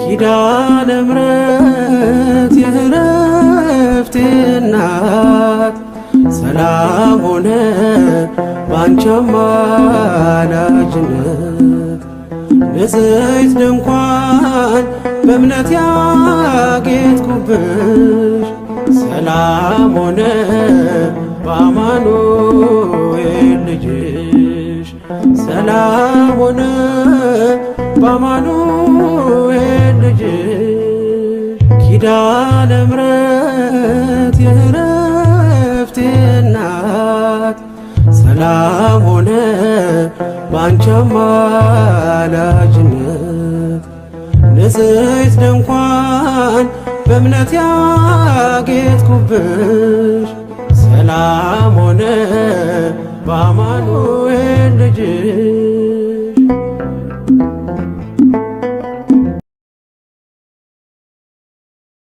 ኪዳነ ምሕረት የእረፍቴ እናት ሰላም ሆነ ባንቺ አማላጅነት በዘይት ድንኳን በእምነት ያጌጥኩብሽ ሰላም ሆነ በአማኑኤል ልጅሽ ሰላም ሆነ በአማኑኤል ልጅ ኪዳነ ምሕረት የእረፍቴ እናት ሰላም ሆነ ባንቺ አማላጅነት ንጽሕት ድንኳን በእምነት ያጌጥኩብሽ ሰላም ሆነ በአማኑኤል ልጅ